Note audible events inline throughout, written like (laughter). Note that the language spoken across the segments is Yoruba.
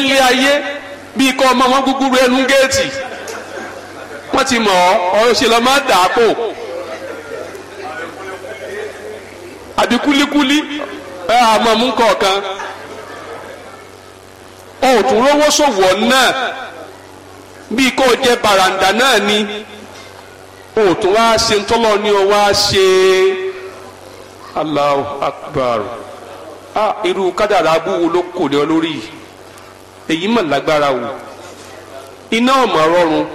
jẹ́ ńlé ayé bíi kọ́ ọmọ wọn gúgúrú ẹnu géètì wọ́n ti mọ̀ ọ́ ọ̀rọ̀ ṣe lọ́ máa dà á pò àbí kúlíkúlí ẹ àmọ́ mú kọ̀ọ̀kan òtún rówó ṣòwò náà bíi kó o jẹ bàràǹdà náà ni òtún wá ṣe ń tọ́lọ́ ní o wá ṣe Allahu Akbar ah irú kádàrá abúwo ló kò lé lórí yìí èyí mà lágbára wò iná ọ̀mọ̀ rọrùn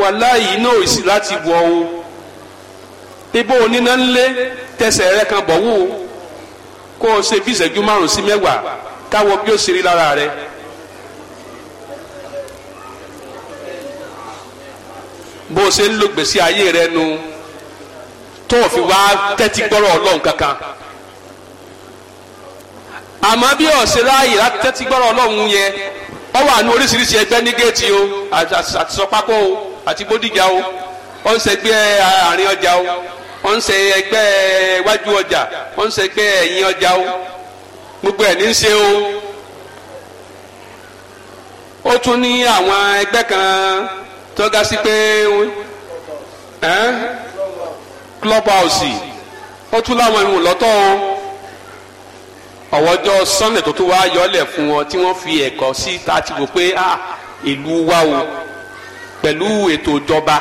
wàláì iná òsì láti wọ o ebó oníná ńlé tẹsẹ̀ rẹ kan bọ̀ wò kó o ṣe bí ìṣẹ́jú márùn-ún sí mẹ́wàá káwọ bí ó ṣe rí lára rẹ. bó o ṣe ń lo gbèsè ayé rẹ nu tó o fi wá tẹ́tí gbọ́rọ̀ ọlọ́run kankan àmọ́ bí ọ̀sẹ̀ ráàyè láti tẹ́tí gbọ́rọ̀ ọlọ́run yẹn ó wà ní oríṣiríṣi ẹgbẹ́ ní géètì o àti sọpákó o àti bódìjà o ó ń ṣẹgbẹ́ àárín ọjà o ó ń ṣe ẹgbẹ́ iwájú ọjà ó ń ṣẹgbẹ́ ẹ̀yìn ọjà o gbogbo ẹ̀ ní í ṣe o ó tún ní àwọn ẹgbẹ́ kan tó ga sí pé club house ó tún láwọn ìwòlọ́tọ̀ o ọ̀wọ́jọ́ sunday tó tún wá yọlẹ̀ fún wọn tí wọ́n fi ẹ̀kọ́ sí ta ti wò pé ah ìlú wa o pẹ̀lú ètò ìjọba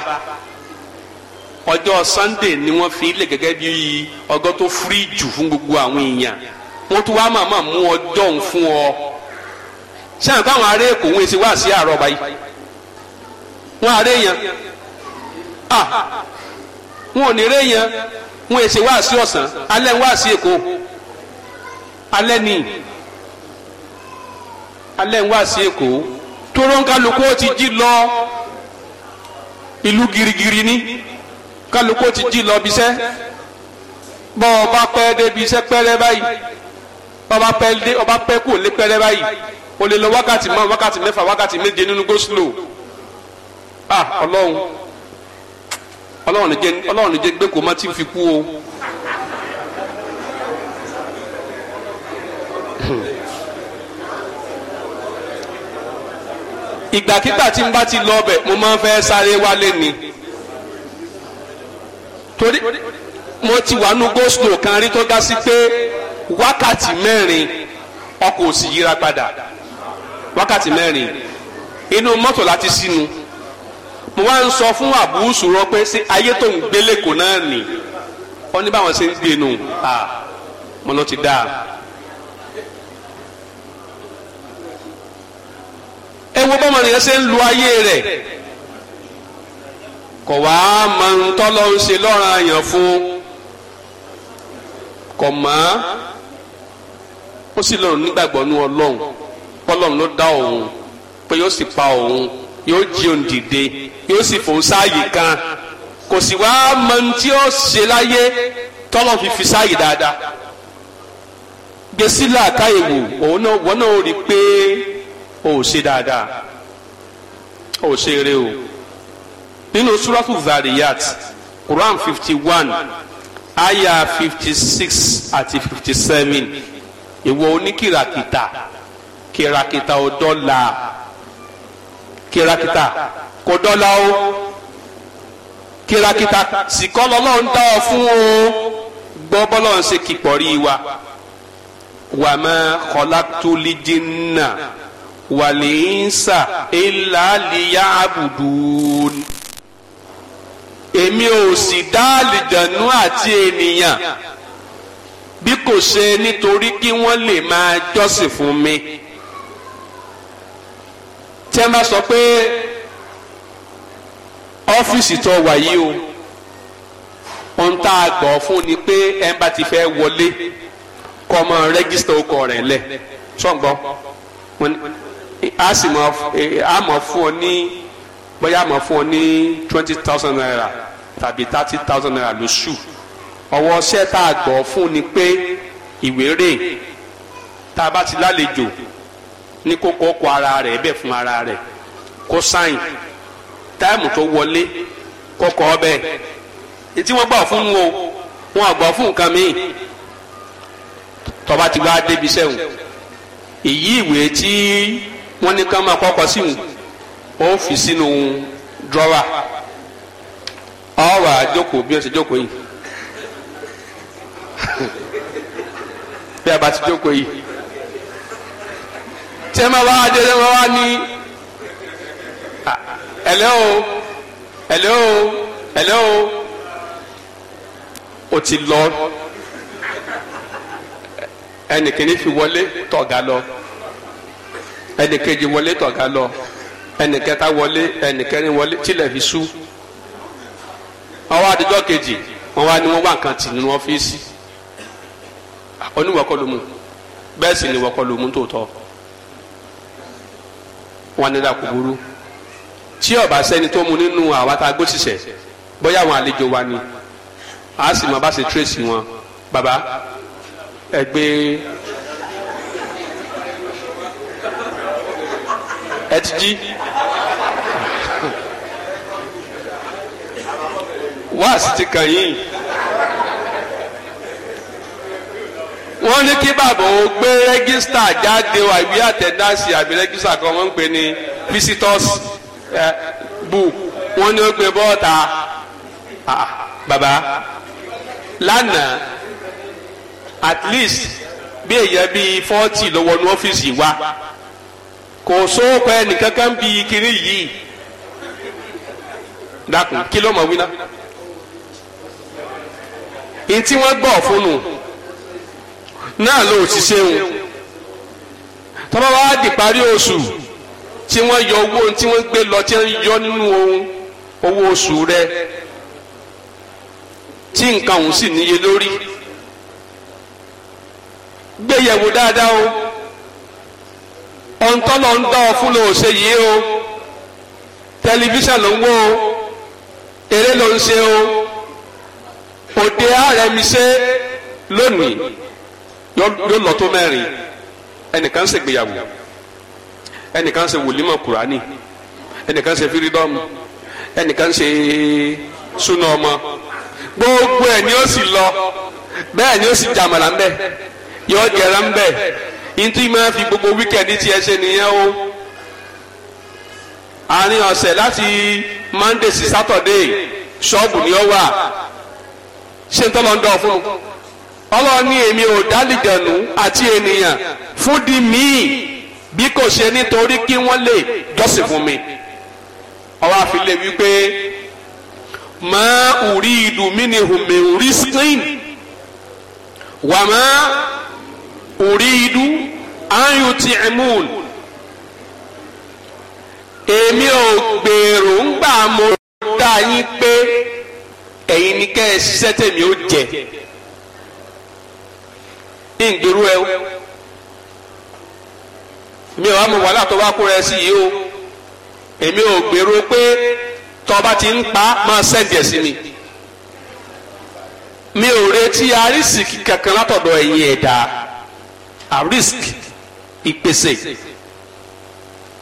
ọjọ́ sunday ni wọ́n fi lè gẹ́gẹ́ bí ọgọ́ tó firi jù fún gbogbo àwọn èèyàn wọ́n tún wá màmá mú ọjọ́ òun fún ọ ṣé àwọn káwọn èkó wọn èsì wá sí àárọ̀ báyìí wọn ará èèyàn ah wọn ò ní rẹ́ èèyàn wọn èsì wá sí ọ̀sán alẹ́ wá sí èkó alẹ́ ni alẹ́ ń wá sí èkó tóró ń kálukú ó ti jí lọ ìlú girigiri ní kálukú ó ti jí lọ bisẹ́ bọ́ ọba pẹ́ débi iṣẹ́ pẹ́rẹ́ báyìí ọba pẹ́ dé ọba pẹ́ kò lé pẹ́rẹ́ báyìí o lè lọ wákàtí mọ́ wákàtí mẹ́fà wákàtí méje nínú go slow ah ọlọ́run ọlọ́run ní jẹ́ gbé kò má ti fi kú o. ìgbàkígbà tí n bá ti lọ ọbẹ̀ mo máa ń fẹ́ sáré wálé ni torí mo ti wà nú goslow kan rí tó dá sí pé wákàtí mẹ́rin ọkọ̀ òsì yíra padà wákàtí mẹ́rin inú mọ́tò láti sínú mo wá ń sọ fún àbúrúsù rọ pé ṣé ayé tó ń gbélé náà nì ọ ní báwọn ṣe ń gbénu à mo lọ ti dáa. ẹ wo bọ́mọ nìyẹn ṣe ń lu ayé rẹ̀ kò wá máa ń tọ́lọ́ ń ṣe lọ́ràn àyàn fún kò mọ́ ó sì lọ́rùn nígbàgbọ́ ní ọlọ́run pọ́lọ́run ló dá òun pé yóò sì pa òun yóò jí òun dìde yóò sì fòun sáàyè kan kò sì wá máa ń tí ó ṣe láyé tọ́lọ́ fi fi sáàyè dáadáa gbèsè làákàyè wò òun náà wọ́n náà rí i pé o ò ṣe dáadáa o ò ṣe eré o nínú suratu zariyat quran fifty one aya fifty six àti fifty seven ìwọ oníkìràkìtà kìràkìtà ò dọ́là kìràkìtà kò dọ́là o kìràkìtà sì kọ́ lọ́lọ́run dá ọ fún o gbọ́ bọ́lọ́run ṣe kìpọ̀rí wa wàmẹ́ kọ́lá tó lè dín náà wàlíńsà ìlàlíyà àbùdùn èmi ò sì dá àlìjànú àti ènìyàn bí kò ṣe nítorí kí wọ́n lè máa jọ́sìn fún mi tí ẹ bá sọ pé ọ́fíìsì tó wà yìí o ohun tá a gbọ́ fún ni pé ẹ bá ti fẹ́ wọlé kọ́ ọmọ rẹ́gísítà ọkọ̀ rẹ̀ lẹ̀ ṣọ́ǹgbọ́n a sì mọ e, a mọ fún ọ ní bóyá a mọ fún ọ ní twenty thousand naira tàbí thirty thousand naira lóṣù ọwọ́ ṣẹ́ tá a gbọ́ fún ni pé ìwé rè tá a bá ti lálejò ní kókó ọkọ̀ ara rẹ̀ bẹ́ẹ̀ fún ara rẹ̀ kó sáìn táìmù tó wọlé kọkọ ọbẹ̀ etí wọ́n gbà fún wo wọn àgbà fún nǹkan míì tọ́ba ti wá débi sẹ́wọ̀n èyí ìwé tí wọ́n ní ká máa kọ́kọ́ sí mu ó fi sínú drọ́wà ọ̀wà jókòó bí ó ṣe jókòó yìí (laughs) bí a bá ti jókòó yìí tí ẹ máa wá adé ẹ máa wá ní ẹ̀lẹ́ o ẹ̀lẹ́ o ẹ̀lẹ́ o ó ti lọ ẹnìkìní fi wọlé tọ̀gá lọ ẹnìkejì wọlé tọ̀gá lọ ẹnìkẹta wọlé ẹnìkẹrin wọlé tilẹ̀ fi sú ọwọ́ àdìjọ́ kejì wọn wá ní wọn wá nǹkan tì nínú ọ́fíìsì oníwọ̀kọ́ ló bẹ́ẹ̀ sì ni wọ́kọ́ ló mú tòótọ́ wọn ní dàkú burú tí ọba sẹ́ni tó mu nínú àwa tá a gbó ṣiṣẹ́ bóyá àwọn àlejò wa ni a sì mọ bá ṣe tírèsì wọn baba ẹ ẹ ti jí wáàsí ti kàn yín wọ́n ní kí bàbá ò gbé rẹ́gísítà jáde wà ìwé àtẹ̀dáṣì àbí rẹ́gísítà kan wọ́n ń pè ní visitors bù wọ́n ní ó gbé bọ́ọ̀tà bàbá lánàá at least bí èèyàn bíi forty ló wọnú ọ́fíìsì wa. kò sóòkò ẹnìkan kan bí kiri yìí dákun kí ló wina. nti wọ́n gbọ́ fún un náà ló ti ṣeun tọ́ba di parí oṣù tí wọ́n yọ owó tí wọ́n gbé lọ tí wọ́n yọ nínú ohun owó oṣù rẹ tí nǹkan òun sì níye lórí yẹ̀wò dáadáa o. ntọ́lọ̀ ń dán fún lò ṣe yìí o tẹlifíṣàn ló ń wò eré ló ń ṣe o òde àrẹ̀míṣẹ́ lónìí yóò lọ tó mẹ́rin ẹnìkan ṣe gbéyàwó ẹnìkan ṣe wòlímọ̀ kùránì ẹnìkan ṣe fírídọ́ọ̀mù ẹnìkan ṣe súná ọmọ gbogbo ẹ̀ ni ó sì lọ bẹ́ẹ̀ ni ó sì jàmàlà ń bẹ̀ yóò jẹ̀rán ń bẹ̀ ntí máa fi gbogbo wíkẹ̀ndì tiẹ̀ ṣe nìyẹn o àárín ọ̀sẹ̀ láti monday sí saturday ṣọ́ọ̀bù ni ó wà ṣé ń tọ́lọ́ ń dọ̀ fún un ọlọ́ọ̀ni èmi ò dálìdànù àti ènìyàn fún di míì bí kò ṣe nítorí kí wọ́n lè jọ́sìn fún mi ọwọ́ àfilẹ̀ wípé ma uridu minhum min risqin wa ma uridu an yutimun èmi ò gbèrò ńgbà mo dá yín pé ẹ̀yin ni kẹ́ ẹ ṣiṣẹ́ tèmi ó jẹ ní ìgbèrú ẹ mi ò wá mo wà látọ̀ wá kúrẹ́ sí yìí o èmi ò gbèrò pé tọba ti ń pa máa sẹ́ǹdì sí mi mi ò retí arísìkì kankan látọ̀dọ̀ ẹ̀yin ẹ̀dá. E àrísìk ìpèsè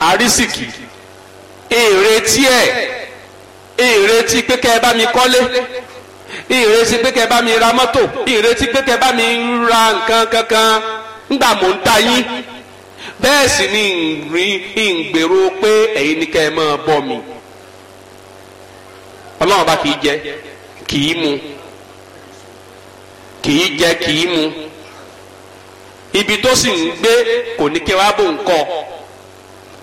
àrísìkì èrè tiẹ̀ èrè ti pé kẹ́ ẹ bá mi kọ́lé èrè ti pé kẹ́ ẹ bá mi ra mọ́tò èrè ti pé kẹ́ ẹ bá mi ra nǹkan kankan ńgbà mò ń ta yín bẹ́ẹ̀ sì ni ìrìn ìgbèrò pé ẹ̀yin ni kẹ́ ẹ máa bọ́ mi ọlọ́run bá kì í jẹ kì í mu kì í jẹ kì í mu ibi tó sì ń gbé kò ní kí wàá bò ń kọ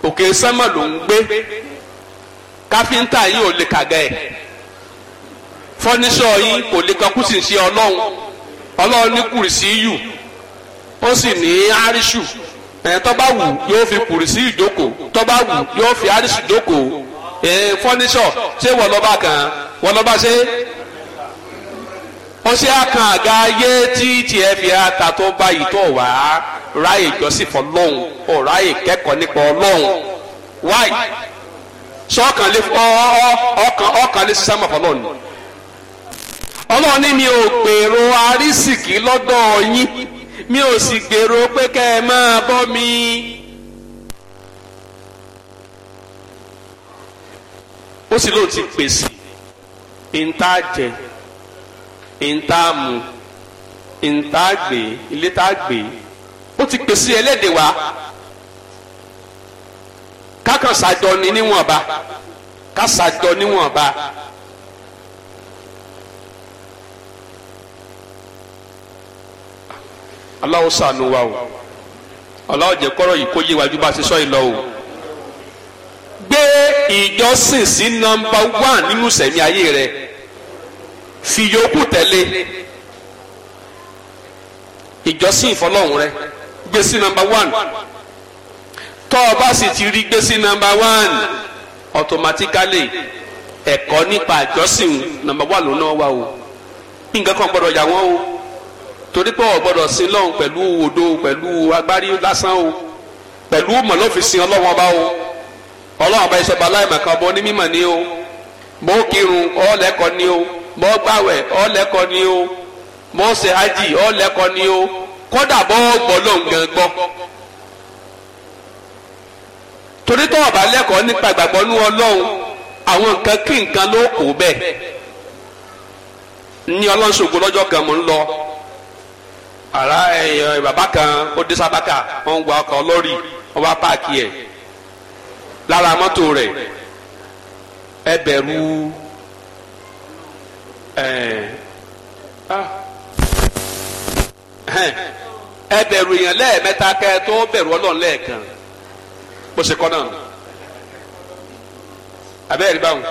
òkè sánmà ló ń gbé káfíńtà yìí ò lè kàga ẹ̀ fọ́níṣọ̀ yìí kò lè kankú sì ń ṣe ọlọ́run ọlọ́run ní kùrìsì yù ó sì ní áríṣù ẹ̀ tó wù yóò fi kùrìsì ìjókòó tó wù yóò fi áríṣù jókòó ẹ̀ fọ́níṣọ̀ ṣé wọ́n kan wọ́n ṣe o si àkàn aga ayé tí tiẹ̀ fi ata tó báyìí tó wà á ráyè jọ́sìn fọlọ́hún ò ráyè kẹ́kọ̀ọ́ nípa ọlọ́hún wáì sọ́kàn lè ọkàn ọkàn lè ṣiṣẹ́ mọ̀ fọlọ́hún ni ọlọ́run ní mi ò gbèrò arísìkí lọ́dọ̀ yín mi ò sì gbèrò pé kẹ́ ẹ máa bọ́ mi. ó sì lóun ti pèsè ìntàjẹ́ ìntààmù ìntàgbé ilé tàgbé ó ti pèsè ẹlẹ́dẹ̀ wa kákan ṣàjọ ni níwọ̀nba ká ṣàjọ níwọ̀nba. aláwo ṣàánú wa o aláwo jẹ kọ́rọ̀ yìí kó yé wájú bá a ṣe sọ yìí lọ o gbé ìjọsìn sí nọ́mbà wán nínú sẹ̀mí ayé rẹ̀ fi yòókù tẹ̀lé ìjọsìn ìfọlọ́hún rẹ gbèsè nàmbà wán tọ́ ọ bá sì ti rí gbèsè nàmbà wán automatically ẹ̀kọ́ nípa ìjọsìn nàmbà wán lónà wà o nǹkan kan gbọ́dọ̀ yà wọ́n o torí pé ọ̀ gbọ́dọ̀ sin lọ́hùn pẹ̀lú òdo pẹ̀lú agbárí lásán o pẹ̀lú mọ̀ ló fi sin ọlọ́wọ́n ọba o ọlọ́wọ́n ọba ìṣẹ̀bà aláìmọ̀kan onímọ̀ ni o mọ̀ ó kírun ọ̀ọ́lẹ́kọ̀ọ́ ni o. mọ́ gbàwẹ̀ ọ́ ni o mọ́ ṣe ni o kódà bọ́ gbọ́ lóun gan torí lẹ́kọ̀ọ́ nípa ìgbàgbọ́ ní ọlọ́run àwọn nǹkan kí nǹkan ní kan mò ń lọ ara ẹ̀yàn eh, bàbá kan ó dé sábàkà ń gba lórí bá páàkì lára mọ́tò rẹ̀ Ah. ẹ bẹ̀rù èèyàn lẹ́ẹ̀mẹ́ta tó bẹ̀rù ọlọ́run lẹ́ẹ̀kan bó ṣe kọ́ náà abẹ́rẹ́ báwọn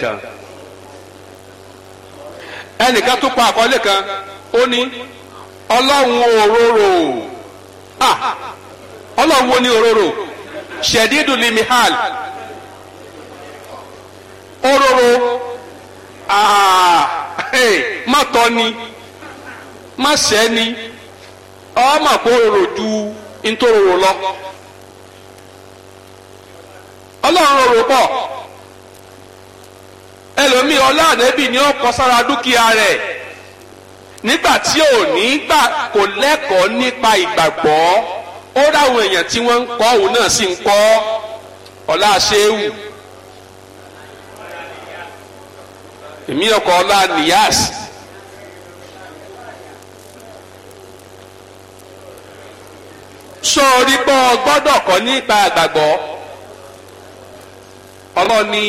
tó ẹnìkan tó pa kan ó ní ọlọ́run òróró ah. ọlọ́run wo ni òróró ṣẹ̀dídùn mihal ororo ah, má tọ́ ni má sẹ́ ni ọmọ kó rorò ju ntòrorò lọ ọlọ́run rorò pọ̀ ẹlòmíì ọlọ́àdẹ́bì ni ó kọ sára dúkìá rẹ̀ nígbà tí ò ní gbà kò lẹ́kọ̀ọ́ nípa ìgbàgbọ́ ó dáhùn èèyàn tí wọ́n ń kọ́ òun náà sì ń kọ́ ọ̀la ṣéwù. èmi ọkọ ọlá niyas sọ̀rí pé ọ gbọ́dọ̀ kọ́ nípa àgbàgbọ́ ọlọ́ni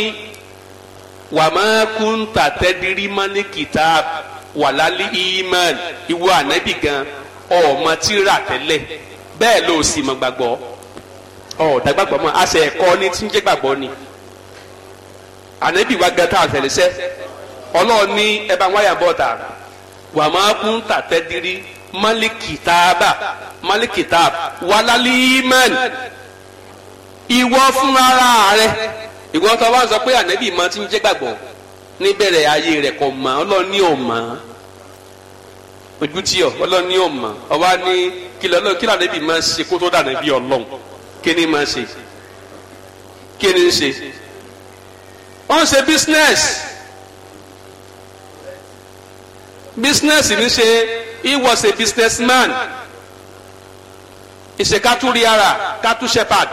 wàmákùn tàtẹ́dírímánì kìtàb wàlálí ìmán ìwọ ànábì gan ọmọ tíra tẹ́lẹ̀ bẹ́ẹ̀ ló sì mọ̀ gbàgbọ́ ọ̀ọ́dàgbàgbọ́ mọ́ àṣẹ ẹ̀kọ́ ni tí ń jẹ́ gbàgbọ́ ni ànábì wa gan tá a tẹ̀lé sẹ́. ọlọ́run ní ẹ bá wáyà bọ́ta wà máa kún tàtẹ́dírí málikìtàbà málikìtàb wàlálímẹ́n ìwọ fúnra rẹ ìwọ tó wá sọ pé ànábì máa ti ń jẹ́ gbàgbọ́ níbẹ̀rẹ̀ ayé rẹ̀ kò mọ̀ ọlọ́run ní ò mọ̀ ojú tí ọ ọlọ́run ní ò mọ̀ ọwá ní kílọ̀ ọlọ́run máa ṣe kó tó dà kí ni máa ṣe kí ni ń ṣe ó ń ṣe business business ní ṣe he was a businessman ìṣèkátúriara kátú shepherd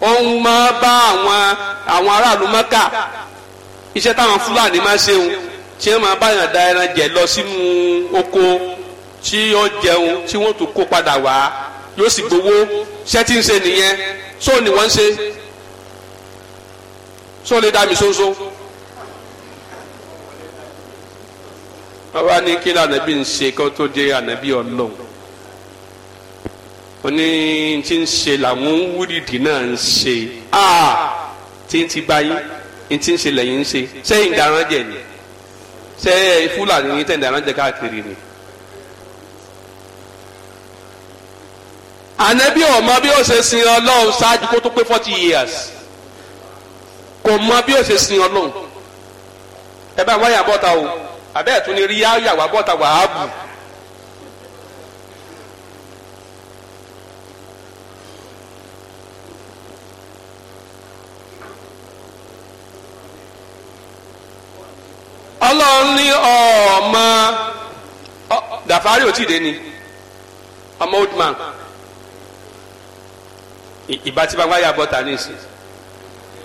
òun máa bá àwọn àwọn aráàlú mọ́kà iṣẹ́ táwọn fúlàní máa ṣeun tí wọ́n máa báyàn da ẹran jẹ lọ sínú oko tí ó jẹun tí wọ́n tún kó padà wá yóò sì gbowó ṣẹ́ tí ń ṣe nìyẹn sóò ni wọ́n ń ṣe sóò lè dá mi sóńsó. So, bàbá ní kí lànàbí ń ṣe kó tó dé ànàbí ọlọ́run ó ní tí ń ṣe làwọn wúrìdì náà ń ṣe tí ń ti báyìí tí ń ṣe lẹ́yìn ń ṣe sẹ́yìn dáran ni ṣé fúlàní ní tẹ̀ dáran káàkiri ni. ànàbí ọ̀mọ bí ó ṣe sin ọlọ́run ṣáájú kó tó pé forty years kò mọ bí ó ṣe sin ọlọ́run ẹ bá wáyà bọ́ta o abẹ́ẹ̀ tún ni rí yáyà wà bọ́ta wàhábù. ọlọ́run ní ọmọ dàfárí ò tí ì dé ni ọmọ old man ìbá tí bàbá yà bọ́ta ní ìsìn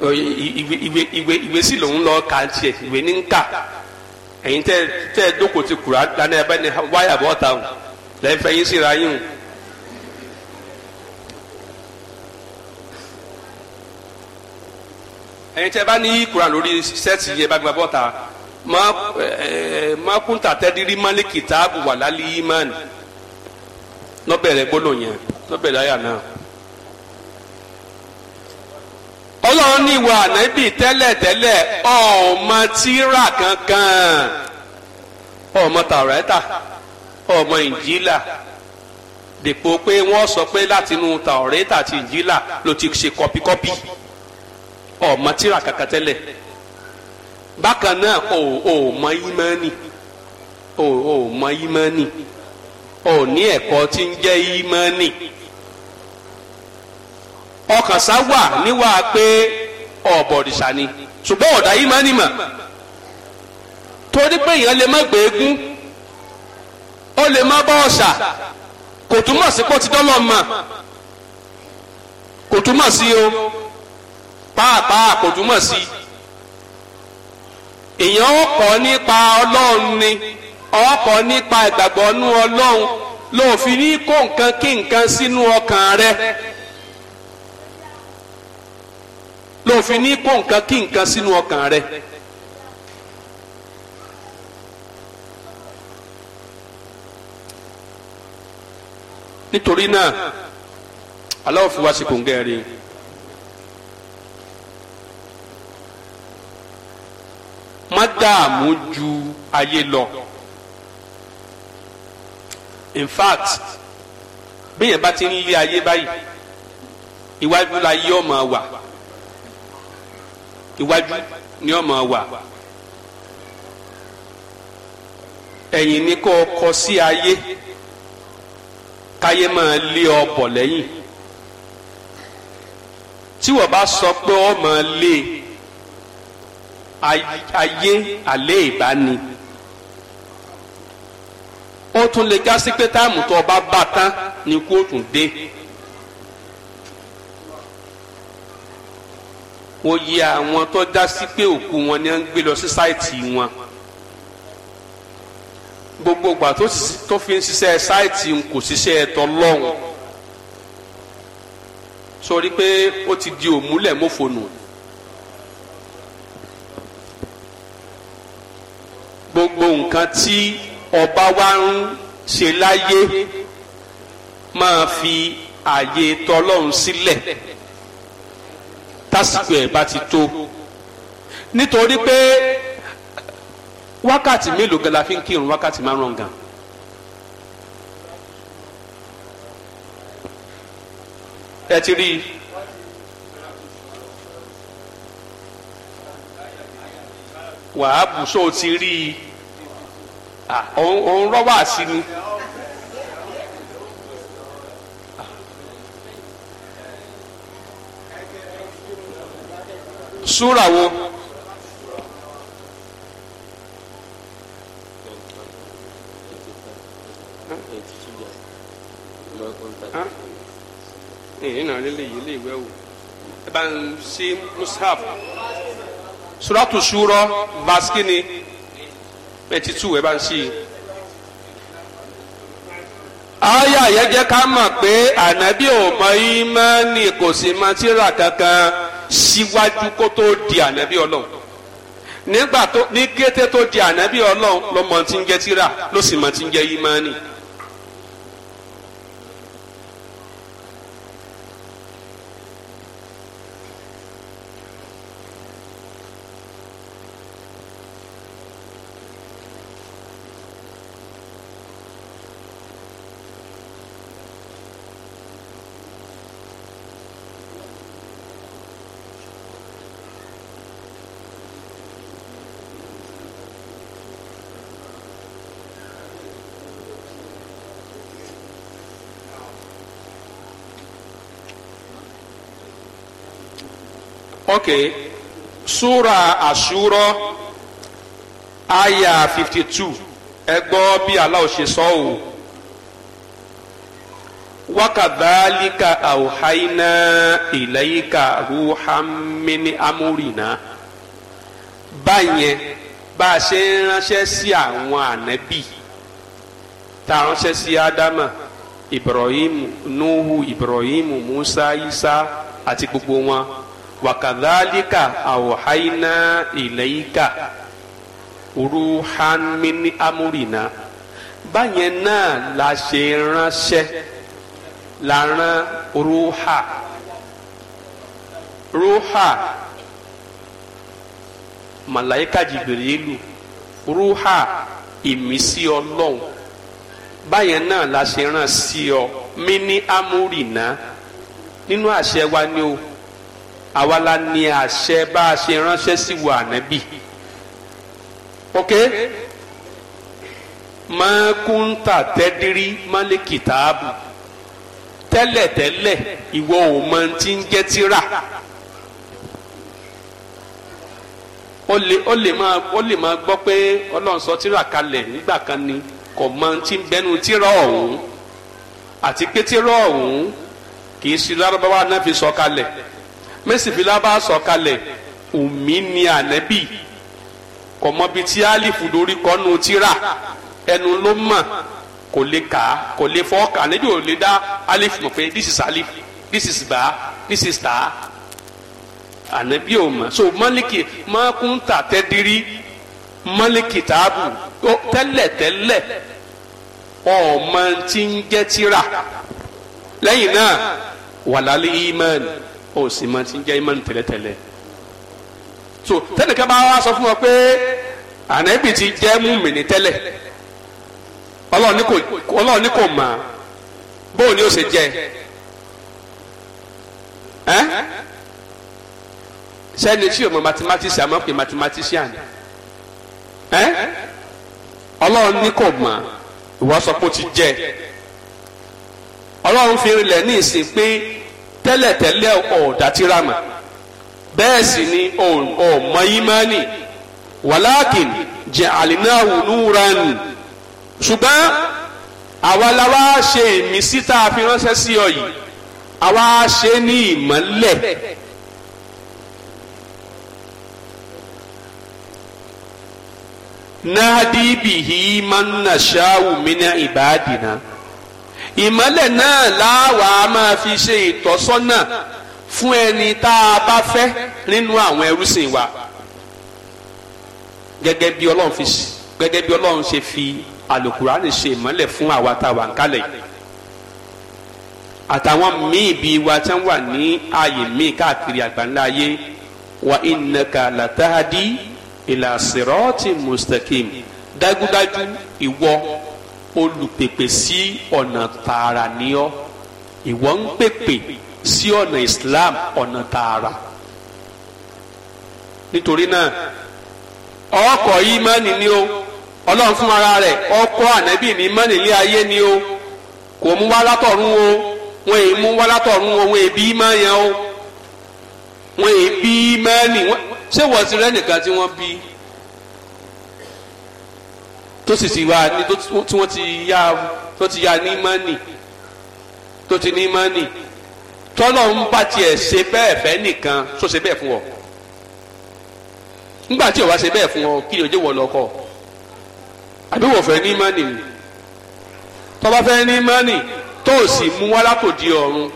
ìwé ìwé lòun lọ́ọ́ kà tiẹ̀ ìwé ní ń kà. ẹ̀yin tẹ́ tẹ́ ẹ ti kura lánà ẹ bá ní wáyà bọ́ ta o lẹ́yìn fẹ́ yín síra yín o. ẹ̀yin tẹ́ bá ní kura lórí sẹ́ẹ̀tì yẹn bá gba bọ́ ta ma ẹẹ makunta tẹdiri mali kitaabu wàlálí imani nọbẹrẹ gbolo yẹn nọbẹrẹ ayana. ọlọ́run ní ìwà ànábì tẹ́lẹ̀tẹ́lẹ̀ ọ̀ọ́mọ tíra kankan ọ̀ọ́mọ tàwẹ́tà ọ̀ọ́mọ ìjìlá dèpò pé wọ́n sọ pé látinú tàwẹ́tà àti ìjìlá ló ti ṣe kọ́píkọ́pí ọ̀ọ́mọ tíra kankan tẹ́lẹ̀ bákan náà ọ̀ọ́mọ ìmánì ọ̀ọ́mọ ìmánì ọ̀ọ́ní ẹ̀kọ́ tí ń jẹ́ ìmánì. ọkàn sá wà níwà pé ọ̀bọ̀dìṣà ni ṣùgbọ́n ọ̀dà yìí máa ń nímọ̀ torí pé èèyàn lè má gbé egún ó lè má bá ọ̀ṣà kò túmọ̀ sí kó ti dọ́lọ́ mọ̀ kò túmọ̀ sí o pàápàá kò túmọ̀ sí èèyàn ọkọ̀ nípa ọlọ́run ni ọkọ̀ nípa ìgbàgbọ́ nú ọlọ́run ló fi ní kó nǹkan kí nǹkan sínú ọkàn rẹ. ló fi ní kó nǹkan kí nǹkan sínú ọkàn rẹ. nítorí náà aláwọ̀ fi wá sí kòńgẹ́ rí má dààmú ju ayé lọ in fact bí yẹn bá ti ń lé ayé báyìí iwájú la yí ọmọ wa iwájú ni ó máa wà ẹ̀yìn ni kò kọ sí ayé káyé máa lé ọ bọ̀ lẹ́yìn tí wọ́n bá sọ pé ọ máa lé ayé àlé ìbáni ó tún lè já sí pé táàmù tó o bá tán ni kó o tún dé. oyè àwọn tó dá sí pé òkú wọn ni wọ́n ń gbé lọ sí sáìtì wọn gbogbo ìgbà tó fi ń ṣiṣẹ́ sáìtì ń kò ṣiṣẹ́ ẹ̀tọ́ lọ́hùn sórí pé ó ti di òmùlẹ̀ mọ́fọ̀nù gbogbo nǹkan tí ọba wa ń ṣe láyé máa fi àyè tọlọ́run sílẹ̀. Si tásìkò ẹ̀ bá ti tó nítorí pé wákàtí mélòó gan la fi ń kírun wákàtí márùn gan ẹ ti rí i. wàá bù ti rí i òun rọ́wọ́ àsínú. súrà wo ẹ̀yìn náà lè yí lè wẹ̀ wò ẹ bá ń ṣe mushaf two ẹ bá ń ṣe yìí aya yẹn jẹ́ ká mọ̀ pé ànábì ò mọ ìmánì kò sì mọ tírà kankan síwájú kó tó di ànábì ọlọ́run nígbà tó ní kété tó di ànábì ọlọ́run ló mọ̀ tí ń jẹ́ tírà ló sì mọ̀ tí ń jẹ́ ìmánì. okay sura asuro aya fifty two ẹ gbọ́ bí Allah ṣe sọ o wakadhalika awhaina ilayka ruham min amurina báyẹn bá a ṣe ń ránṣẹ́ sí àwọn ànábì tá ránṣẹ́ sí ádámà ibrahim nuhu ibrahim musa isa àti gbogbo wọn wakadhalika awhaina ilayka ruhan min amurina báyẹn náà la ṣe ránṣẹ́ la rán ruha ruha màláíkà jìbìrìlù ruha ìmísí ọlọ́run báyẹn náà la ṣe rán sí ọ mí ní nínú àṣẹ wa ni o. Awala ni ní àṣẹ bá a ṣe ránṣẹ́ sí wa ànábì ok máa kún tà tẹ́dírí má lè kìtàbù tẹ́lẹ̀tẹ́lẹ̀ ìwọ ò mọ ti ń jẹ́ tírà ó lè ó lè máa ó lè máa gbọ́ pé ọlọ́run sọ tírà kalẹ̀ nígbà kan ni kò mọ ti ń bẹnu tírà ọ̀hún àti pé tírà ọ̀hún kì í sí lárúbáwá náà fi sọ kalẹ̀ mẹ́sìfìlà bá sọ̀kalẹ̀ òmí ni ànẹ́bì kọ̀mọ́bi tí alifu dorí kọ́nu tíra ẹnu ló mọ̀ kò lè kà kò lè fọ́ kà á ò lè dá alifu mọ̀ pé this is alif this is ba this is ta ànẹ́bì ò mọ̀ so maliki mọ́kúntà tẹ́dírí mọ́lìkì táàbù tẹ́lẹ̀ tẹ́lẹ̀ ọ̀ọ́mọ tí ń jẹ́ tíra lẹ́yìn náà wàlálí ìmánì ó sì máa ti ń jẹ́ ìmọ̀nù so tẹ́nìkan bá wá sọ fún wa pé ànábì ti jẹ́ mùmìnì tẹ́lẹ̀ ọlọ́run ní kò mà bóun ni ó ṣe jẹ́ ẹ́ sẹ́ni tí o mọ̀ mathematics àmọ́ pé mathematician ẹ́ ọlọ́run ní kò mà ìwọ sọ pé ó ti jẹ́ ọlọ́run fi rinlẹ̀ ní ìsìn pé tẹ́lẹ̀tẹ́lẹ̀ ọ̀ọ́dà tí ra mọ̀ bẹ́ẹ̀ sì ni ọ̀ọ́mọ ìmánì wàlákìn jẹ́ àlìnáwó núran ṣùgbọ́n àwa la wá ṣe ìmísí tá a fi ránṣẹ́ sí ọ yìí àwa ṣe ní ìmọ́lẹ̀. nahdi bihi man nashau min ibadina ìmọ́lẹ̀ náà láwàá máa fi ṣe ìtọ́sọ́nà fún ẹni tá a bá fẹ́ nínú àwọn ẹrúsìn wa gẹ́gẹ́ bí ọlọ́run fi gẹ́gẹ́ bí ọlọ́run ṣe fi alukurani ṣe ìmọ́lẹ̀ fún àwa tá a wà ń kálẹ̀ àtàwọn míì bíi wa tí wọ́n wà ní ààyè míì káàkiri àgbáńlá ayé wa innaka latahadi ila sirati dájúdájú ìwọ olùpèpè sí ọ̀nà tààrà ni ọ́ ìwọ ń pèpè sí ọ̀nà Islam ọ̀nà tààrà nítorí náà ọkọ̀ ìmánì ní o ọlọ́run fún ara rẹ̀ ọkọ̀ ànábì ní ìmánì ilé ayé ni o kò mú wá látọ̀run o wọn èyí mú wá látọ̀run o wọn èbí má o wọn èbí má nì ṣé wọ́n ti rẹ́ nìkan tí wọ́n tó sì ti wá ní tí wọ́n ti yá tó ti yá ní mọ́nì tó ti ní mọ́nì tọ́lọ̀ ń bá tiẹ̀ ṣe bẹ́ẹ̀ fẹ́ nìkan tó ṣe bẹ́ẹ̀ fún ọ nígbà tí o wá ṣe bẹ́ẹ̀ fún ọ kí ni ojú wọ lọ́kọ̀ àbí wọ́n fẹ́ ní mọ́nì tọ́ba fẹ́ ní mọ́nì tó o sì mú wá lápòdì ọ̀run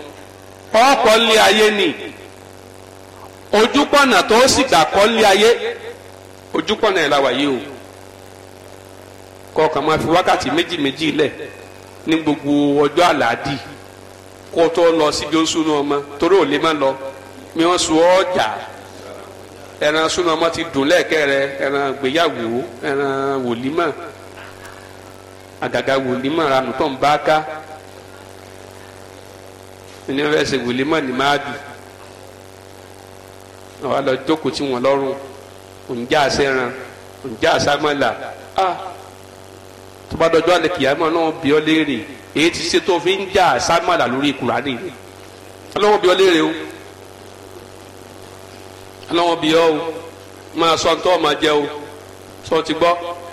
ọ̀pọ̀ lé ayé ni ojúpọ̀nà tó o sì gbà kọ́ lé ayé ojúpọ̀nà ẹ̀ la wà yìí o. kọkàn máa fi wákàtí méjì méjì gbogbo ọjọ àlàádì kó tó lọ síbi ó súnú ọmọ torí ò lè má lọ mi wọ́n sun ọjà ẹran súnú ọmọ ti dùn lẹ́ẹ̀kẹ́ ẹran gbéyàwó ẹran wòlímà àgàgà wòlímà ranù tó ń bá ká wòlímà tó bá dọjọ́ àlẹ́ kìyàmọ́ náà bí ọ léèrè èyí ti ṣe tó fi ń jà sámàlà lórí kùránì ọlọ́wọ́ bí ọ léèrè o ọlọ́wọ́ bí o máa sọ ní tó máa jẹ o sọ ti gbọ́.